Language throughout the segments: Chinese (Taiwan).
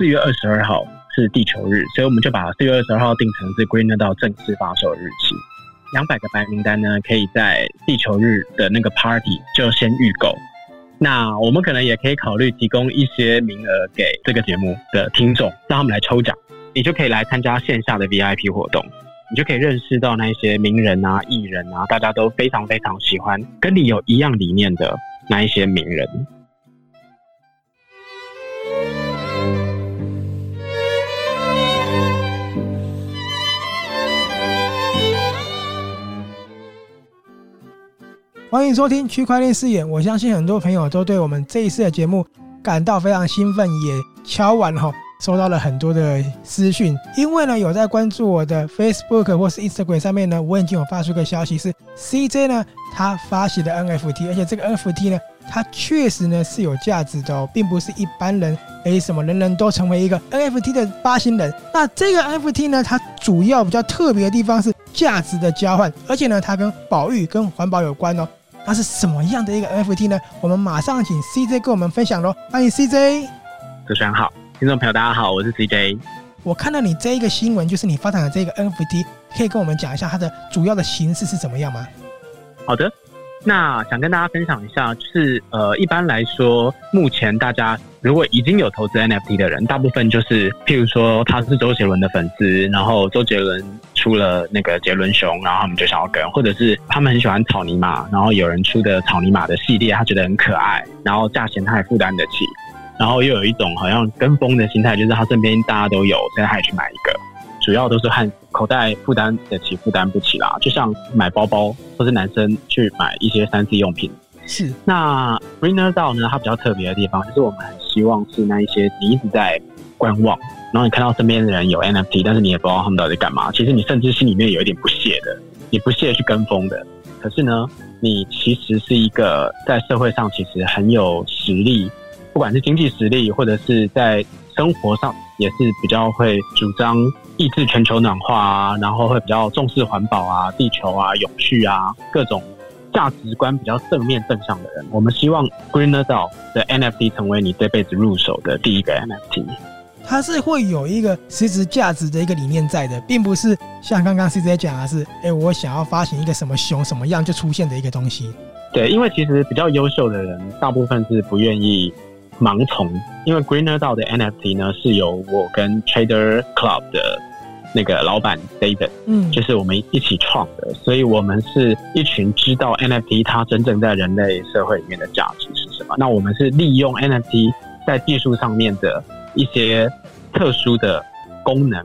四月二十二號是地球日，所以我們就把四月二十二號定成是 Greener DAO 正式發售日期。兩百個白名單呢，可以在地球日的那個 party 就先預購。那我們可能也可以考慮提供一些名額給這個節目的聽眾，讓他們來抽獎，你就可以來參加線下的 VIP 活動，你就可以認識到那一些名人啊、藝人啊，大家都非常非常喜歡跟你有一樣理念的那一些名人。歡迎收聽區塊鏈視野。我相信很多朋友都對我們這一次的節目感到非常興奮，也敲碗吼、哦、收到了很多的私訊。因為呢，有在關注我的 Facebook 或是 Instagram 上面呢，我已經有發出個消息，是 CJ 呢他發起的 NFT，而且這個 NFT 呢，它確實呢是有價值的，哦，並不是一般人哎什麼人人都成為一個 NFT 的發行人。那這個 NFT 呢，它主要比較特別的地方是價值的交換，而且呢，它跟保育跟環保有關哦。它是什麼樣的一個 NFT 呢？我們馬上請 CJ 跟我們分享嘍。歡迎 CJ，主持人好，聽眾朋友大家好，我是 CJ。我看到你這一個新聞，就是你發展的這個 NFT，可以跟我們講一下它的主要的形式是怎麼樣嗎？好的，那想跟大家分享一下，就是呃，一般來說，目前大家如果已經有投資 NFT 的人，大部分就是譬如說他是周杰倫的粉絲，然後周杰倫。出了那個杰倫熊，然後他們就想要跟，或者是他們很喜歡草泥馬，然後有人出的草泥馬的系列，他覺得很可愛，然後價錢他也負擔得起，然後又有一種好像跟風的心態，就是他身邊大家都有，現在他也去買一個。主要都是看口袋負擔得起負擔不起啦，就像買包包，或是男生去買一些三 C 用品。是，那 Greener DAO 呢？它比較特別的地方，就是我們很希望是那一些你一直在觀望，然後你看到身邊的人有 NFT，但是你也不知道他們到底在幹嘛。其實你甚至心裡面有一點不屑的，你不屑去跟風的。可是呢，你其實是一個在社會上其實很有實力，不管是經濟實力，或者是在生活上也是比較會主張抑制全球暖化啊，然後會比較重視環保啊、地球啊、永續啊各種。價值觀比較正面正向的人，我們希望 Greener 道的 NFT 成為你這輩子入手的第一個 NFT。它是會有一個實質價值的一個理念在的，並不是像剛剛 CJ 講的是，哎、欸，我想要發行一個什麼熊什麼樣就出現的一個東西。對，因為其實比較優秀的人，大部分是不願意盲從。因為 Greener 道的 NFT 呢，是由我跟 Trader Club 的。那個老板 David，嗯，就是我們一起創的，嗯、所以我們是一群知道 NFT 它真正在人類社會裡面的價值是什麼。那我們是利用 NFT 在技術上面的一些特殊的功能，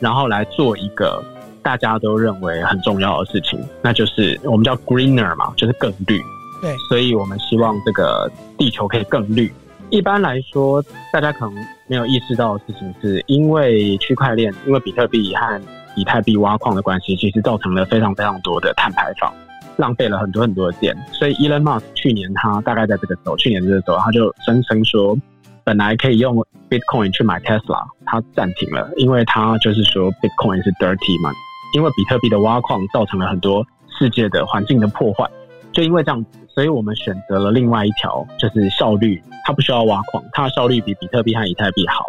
然後來做一個大家都認為很重要的事情，那就是我們叫 Greener 嘛，就是更綠。對，所以我們希望這個地球可以更綠。一般來說，大家可能沒有意識到的事情是，因為區塊鏈、因為比特幣和以太幣挖礦的關係，其實造成了非常非常多的碳排放，浪費了很多很多的電。所以 Elon Musk 去年他大概在這個時候，去年這個時候，他就聲稱說，本來可以用 Bitcoin 去買 Tesla，他暫停了，因為他就是說 Bitcoin 是 dirty 嘛，因為比特幣的挖礦造成了很多世界的環境的破壞。就因為這樣子，所以我們選擇了另外一條，就是效率。它不需要挖礦，它的效率比比特幣和以太幣好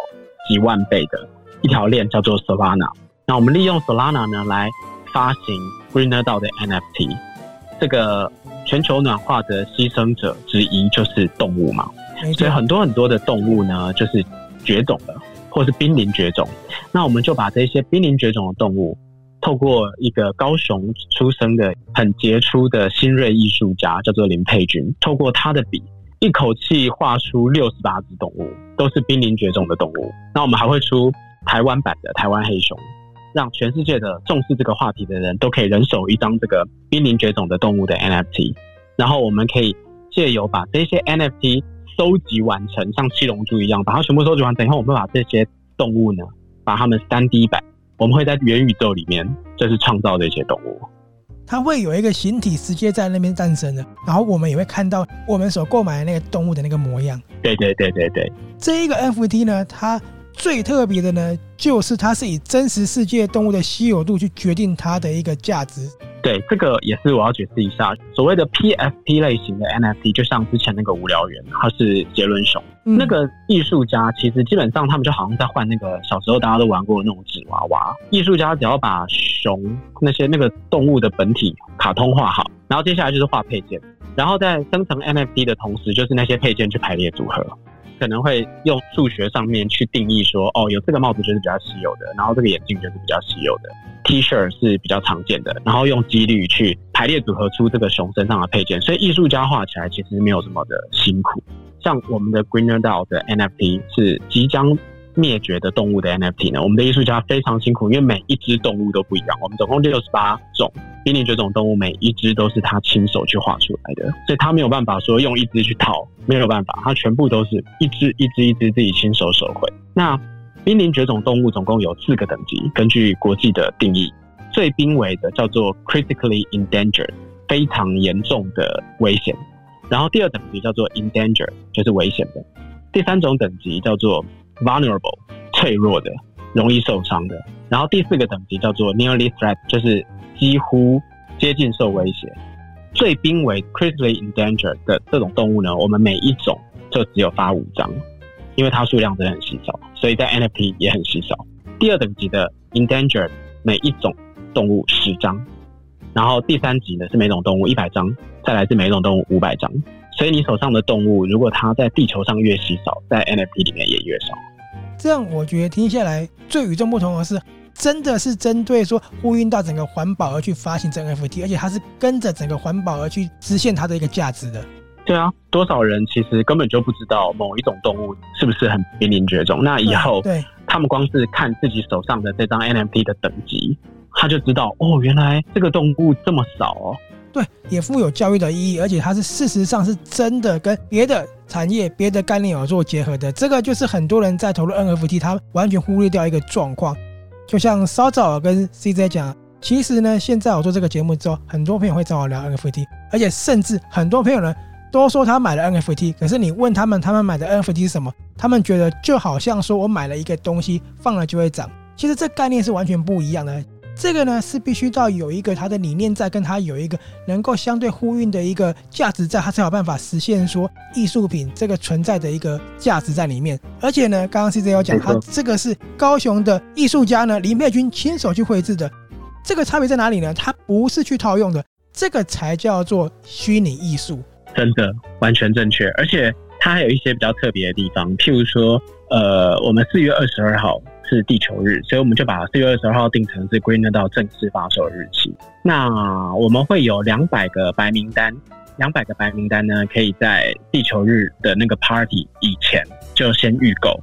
幾萬倍的一條鏈叫做 Solana。那我們利用 Solana 呢來發行 Greener DAO 的 NFT。這個全球暖化的犧牲者之一就是動物嘛，錯所以很多很多的動物呢就是絕種了，或是瀕臨絕種。那我們就把這些瀕臨絕種的動物。透過一個高雄出生的很傑出的新銳藝術家，叫做林佩君，透過他的筆，一口氣畫出六十八隻動物，都是瀕臨絕種的動物。那我們還會出台灣版的台灣黑熊，讓全世界的重視這個話題的人都可以人手一張這個瀕臨絕種的動物的 NFT。然後我們可以借由把這些 NFT 收集完成，像七龍珠一樣，把它全部收集完。等一下，我們把這些動物呢，把它們三 D 版。我們會在元宇宙裡面，就是創造這些動物，它會有一個形體直接在那邊誕生的，然後我們也會看到我們所購買的那個動物的那個模樣。對，對對對對對，這一個 NFT 呢，它最特別的呢，就是它是以真實世界動物的稀有度去決定它的一個價值。對，這個也是我要解釋一下。所謂的 PFP 類型的 NFT，就像之前那個無聊猿，它是杰倫熊、嗯、那個藝術家。其實基本上他們就好像在換那個小時候大家都玩過的那種紙娃娃。藝術家只要把熊那些那個動物的本體卡通畫好，然後接下來就是畫配件，然後在生成 NFT 的同時，就是那些配件去排列組合，可能會用數學上面去定義說，哦，有這個帽子就是比較稀有的，然後這個眼鏡就是比較稀有的。T 恤是比較常見的，然後用幾率去排列組合出這個熊身上的配件，所以藝術家畫起來其實沒有什麼的辛苦。像我們的 Greener DAO 的 NFT 是即將滅絕的動物的 NFT 呢？我們的藝術家非常辛苦，因為每一只動物都不一樣。我們總共六十八種瀕臨絕種動物，每一只都是他親手去畫出來的，所以他沒有辦法說用一只去套，沒有辦法，他全部都是一只一只一只自己親手手繪。那瀕臨絕種動物總共有四個等級，根據國際的定義，最瀕危的叫做 critically endangered，非常嚴重的危險。然後第二等級叫做 endangered，就是危險的。第三種等級叫做 vulnerable，脆弱的，容易受傷的。然後第四個等級叫做 nearly threat，就是幾乎接近受威脅。最瀕危 critically endangered 的這種動物呢，我們每一種就只有發五張。因為它數量真的很稀少，所以在 NFT 也很稀少。第二等級的 Endangered 每一種動物十張，然後第三級呢是每種動物一百張，再來是每一種動物五百張。所以你手上的動物，如果它在地球上越稀少，在 NFT 裡面也越少。這樣我覺得聽下來最與眾不同的是，真的是針對說呼應到整個環保而去發行這個 NFT，而且它是跟着整個環保而去實現它的一個價值的。對啊，多少人其實根本就不知道某一種動物是不是很瀕臨絕種？那以後，對，對他們光是看自己手上的這張 NFT 的等級，他就知道哦，原來這個動物這麼少哦。對，也富有教育的意義，而且它是事實上是真的跟別的產業、別的概念有做結合的。這個就是很多人在投入 NFT，他完全忽略掉一個狀況。就像稍早跟 CZ 講，其實呢，現在我做這個節目之後，很多朋友會找我聊 NFT，而且甚至很多朋友呢。都說他買了 NFT，可是你問他們，他們買的 NFT 是什麼？他們覺得就好像說我買了一個東西，放了就會漲。其實這概念是完全不一樣的。這個呢是必須到有一個他的理念在，跟他有一個能夠相對呼應的一個價值在，他才有辦法實現說藝術品這個存在的一個價值在裡面。而且呢，剛剛 CJ 有講，他這個是高雄的藝術家呢林佩君親手去繪制的。這個差別在哪裡呢？他不是去套用的，這個才叫做虛擬藝術。真的完全正確，而且它還有一些比較特別的地方，譬如說，呃，我們四月二十二號是地球日，所以我們就把四月二十二號定成是 Greener DAO 正式發售日期。那我們會有兩百個白名單，兩百個白名單呢，可以在地球日的那個 party 以前就先預購。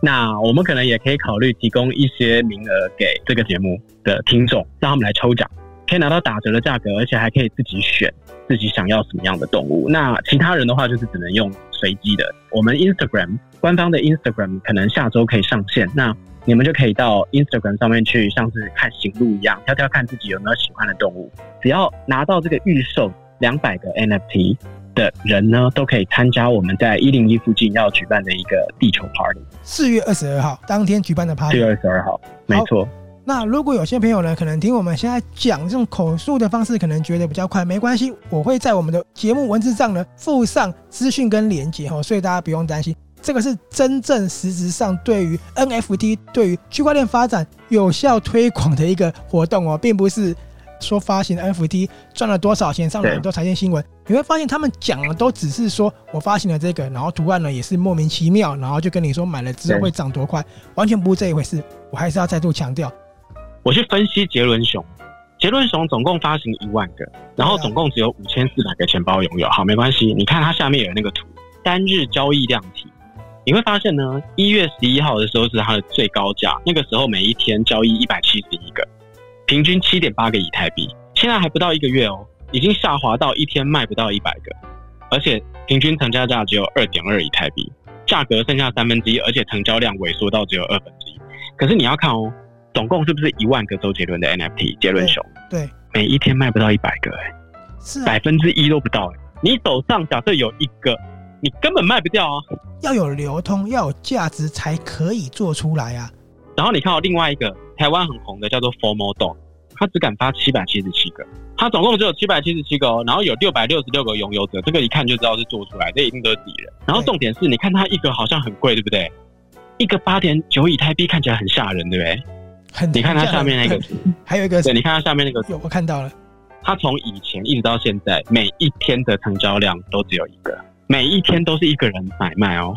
那我們可能也可以考慮提供一些名額給這個節目的聽眾，讓他們來抽獎。可以拿到打折的價格，而且還可以自己選自己想要什麼樣的動物。那其他人的話，就是只能用隨機的。我們 Instagram 官方的 Instagram 可能下周可以上線，那你們就可以到 Instagram 上面去，像是看行路一樣，挑挑看自己有沒有喜歡的動物。只要拿到這個預售兩百個 NFT 的人呢，都可以參加我們在一零一附近要舉辦的一個地球 Party。四月二十二號當天舉辦的 party。四月二十二號，沒錯。那如果有些朋友呢，可能聽我們現在講這種口述的方式，可能覺得比較快，沒關係，我會在我們的節目文字上呢附上資訊跟連結哦。所以大家不用擔心，這個是真正實質上對於 NFT 對於區塊鏈發展有效推廣的一個活動哦，並不是說發行 NFT 賺了多少錢，上了很多財經新聞，嗯、你會發現他們講的都只是說，我發行了這個，然後圖案呢也是莫名其妙，然後就跟你說買了之後會漲多快，完全不是這一回事，我還是要再度強調。我去分析杰倫熊，杰倫熊總共發行一萬個，然後總共只有五千四百個錢包擁有。好，沒關係，你看它下面有那個圖，單日交易量體，你會發現呢，一月十一號的時候是它的最高價，那個時候每一天交易一百七十一個，平均七點八個以太幣。現在還不到一個月哦，已經下滑到一天賣不到一百個，而且平均成交價只有二點二以太幣，價格剩下三分之一，而且成交量萎縮到只有二分之一。可是你要看哦。總共是不是一萬個周杰倫的 NFT？杰倫熊對，對，每一天賣不到一百個，欸，哎、啊，是百分之一都不到欸。哎，你手上假設有一個，你根本賣不掉啊！要有流通，要有價值才可以做出來啊。然後你看到另外一個台灣很紅的，叫做 Formo Dog，它只敢發七百七十七個，它總共只有七百七十七個哦，喔。然後有六百六十六個擁有者，這個一看就知道是做出來，這一定都是敵人。然後重點是，對你看它一個好像很貴，對不對？一個八點九以太幣看起來很嚇人，欸，對不對？他你看它下面那個還有一個，對，你看它下面那個有，我看到了。它從以前一直到現在，每一天的成交量都只有一個，每一天都是一個人買賣哦、喔。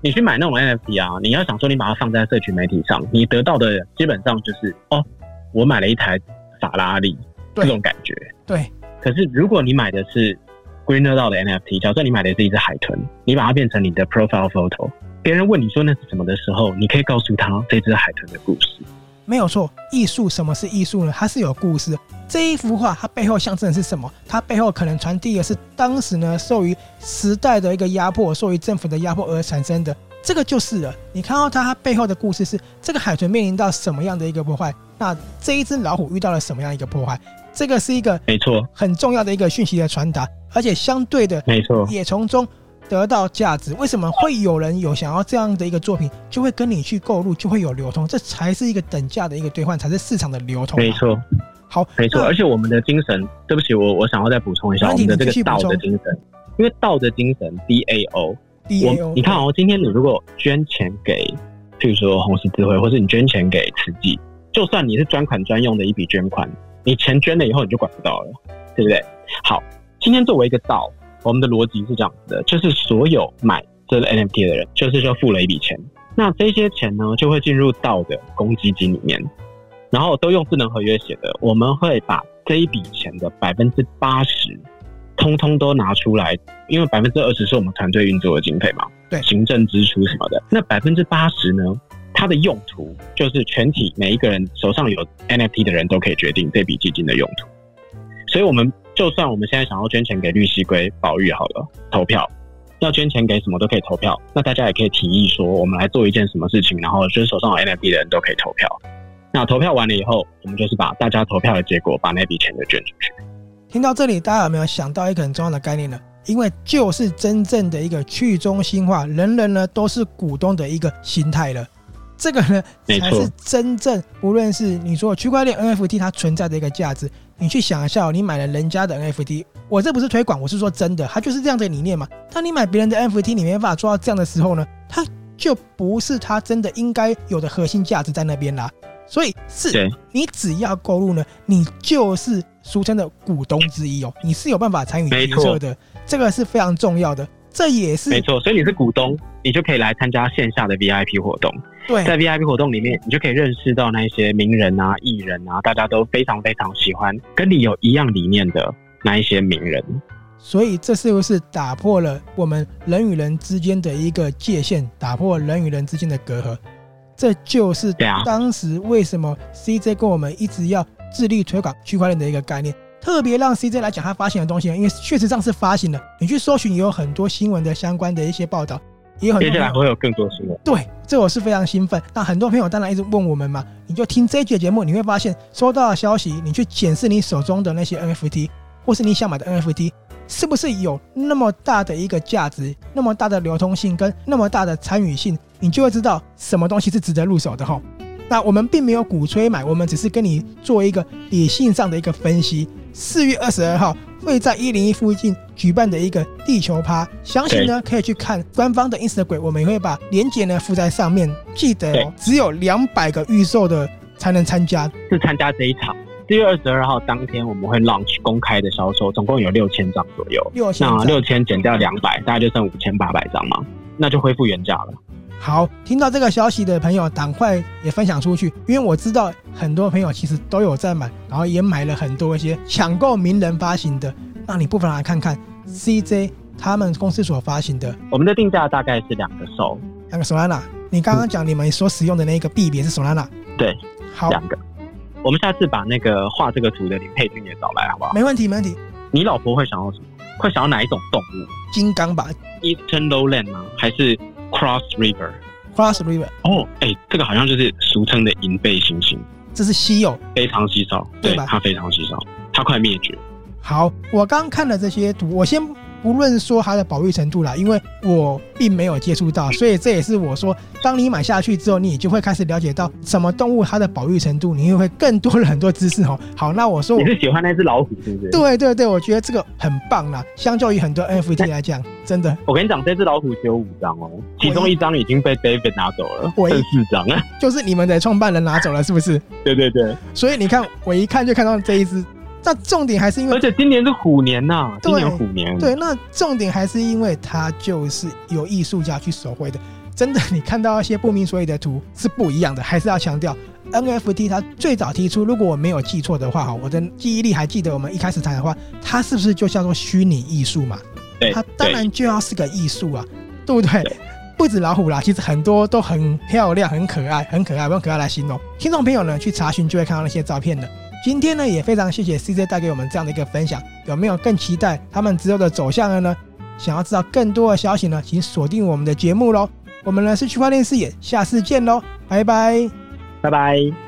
你去買那種 NFT 啊，你要想說你把它放在社群媒體上，你得到的基本上就是哦，我買了一台法拉利對這種感覺。對，可是如果你買的是 Greener DAO 的 NFT，假設你買的是一只海豚，你把它變成你的 Profile Photo，別人問你說那是什麼的時候，你可以告訴他這只海豚的故事。沒有錯，藝術什麼是藝術呢？它是有故事。這一幅畫，它背後象徵的是什麼？它背後可能傳遞的是當時呢，受於時代的一個壓迫，受於政府的壓迫而產生的。這個就是了。你看到它，它背後的故事是這個海豚面臨到什麼樣的一個破壞？那這一隻老虎遇到了什麼樣的一個破壞？這個是一個沒錯，很重要的一個訊息的傳達，而且相對的沒錯，也從中。得到價值，為什麼會有人有想要這樣的一個作品，就會跟你去購入，就會有流通，這才是一個等價的一個兌換，才是市場的流通，啊。沒錯錯，好，沒錯錯。那而且我們的精神，對不起，我我想要再補充一下你我們的這個道的精神，因為道的精神 DAO，D、A、O, 你看哦，喔，對 今天你如果捐錢給，譬如說紅十字會，或是你捐錢給慈濟，就算你是專款專用的一筆捐款，你錢捐了以後你就管不到了，對不對？好，今天作為一個道。我們的邏輯是這樣子的，就是所有買這個 NFT 的人，就是就付了一筆錢，那這些錢呢，就會進入到的公積金裡面，然後都用智能合約寫的，我們會把這一筆錢的百分之八十，通通都拿出來，因為百分之二十是我們團隊運作的經費嘛，對，行政支出什麼的，那百分之八十呢，它的用途就是全體每一個人手上有 NFT 的人都可以決定這筆基金的用途，所以我們。就算我們現在想要捐錢給綠蠵龜保育好了，投票要捐錢給什麼都可以投票，那大家也可以提議說，我們來做一件什麼事情，然後捐手上有 N F T 的人都可以投票。那投票完了以後，我們就是把大家投票的結果，把那筆錢就捐出去。聽到這裡，大家有沒有想到一個很重要的概念呢？因為就是真正的一個去中心化，人人呢都是股東的一個心態了。這個呢，才是真正，沒錯，無論是你說區塊鏈 N F T 它存在的一個價值。你去想一下，哦、你買了人家的 NFT，我這不是推廣，我是說真的，它就是這樣的理念嘛。當你買別人的 NFT，你沒辦法做到這樣的時候呢，它就不是它真的應該有的核心價值在那邊啦、啊。所以是，對你只要購入呢，你就是俗稱的股東之一哦，你是有辦法參與決策的，錯這個是非常重要的，這也是沒錯。所以你是股東，你就可以來參加線下的 VIP 活動。對在 VIP 活動裡面，你就可以認識到那些名人啊、藝人啊，大家都非常非常喜歡跟你有一樣理念的那一些名人。所以這是不是打破了我們人與人之間的一個界限，打破人與人之間的隔閡？這就是當時為什麼 CJ 跟我們一直要致力推廣區塊鏈的一個概念？特別讓 CJ 來講他發行的東西，因為確實上是發行了。你去搜尋也有很多新聞的相關的一些報道。接下來會有更多的新聞，對，這我是非常興奮。那很多朋友當然一直問我們嘛，你就聽這期節目，你會發現收到的消息，你去檢視你手中的那些 NFT，或是你想買的 NFT，是不是有那麼大的一個價值，那麼大的流通性跟那麼大的參與性，你就會知道什麼東西是值得入手的哈。那我們並沒有鼓吹買，我們只是跟你做一個理性上的一個分析。四月二十二號。會在一零一附近舉辦的一個地球趴，詳情呢對可以去看官方的 Instagram，我們也會把鏈接呢附在上面。記得哦，對只有兩百個預售的才能參加，是參加這一場。四月二十二號當天我們會 launch 公開的銷售，總共有六千張左右。那六千減掉兩百，200, 大概就剩五千八百張嘛？那就恢復原價了。好，聽到這個消息的朋友，趕快也分享出去，因為我知道很多朋友其實都有在買，然後也買了很多一些搶購名人發行的。那你不妨來看看 CJ 他們公司所發行的，我們的定價大概是兩個 Solana，兩個 Solana，你剛剛講你們所使用的那個幣別是 Solana？對，好，兩個。我們下次把那個畫這個圖的林佩君也找來，好不好？沒問題，沒問題。你老婆會想要什麼？會想要哪一種動物？金剛吧？Eastern Lowland 嗎？還是？Cross River, Cross River。哦，哎、欸，這個好像就是俗稱的銀背猩猩。這是稀有，非常稀少，對吧？它非常稀少，它快滅絕。好，我剛看了這些圖，我先。不論說它的保育程度啦，因為我並沒有接觸到，所以這也是我說，當你買下去之後，你就會開始了解到什麼動物它的保育程度，你又會更多了很多知識哦。好，那我說我你是喜歡那只老虎是不是？對對對，我覺得這個很棒啦，相較於很多 NFT 來講，欸、真的。我跟你講，這只老虎只有五張哦、喔，其中一張已經被 David 拿走了，剩四張，張就是你們的創辦人拿走了，是不是？對對對，所以你看，我一看就看到這一只。那重點還是因為，而且今年是虎年吶、啊，對今年虎年。對，那重點還是因為它就是由藝術家去手繪的，真的，你看到那些不明所以的圖是不一樣的。還是要強調，NFT 它最早提出，如果我沒有記錯的話哈，我的記憶力還記得，我們一開始談的話，它是不是就叫做虛擬藝術嘛？對，它當然就要是個藝術啊，對不對？對不止老虎啦，其實很多都很漂亮、很可愛、很可愛，不用可愛來形容。聽眾朋友呢，去查詢就會看到那些照片的。今天呢，也非常謝謝 CJ 帶給我們這樣的一個分享，有沒有更期待他們之後的走向了呢？想要知道更多的消息呢，請鎖定我們的節目嘍。我們呢是區塊鏈視野，下次見嘍，拜拜，拜拜。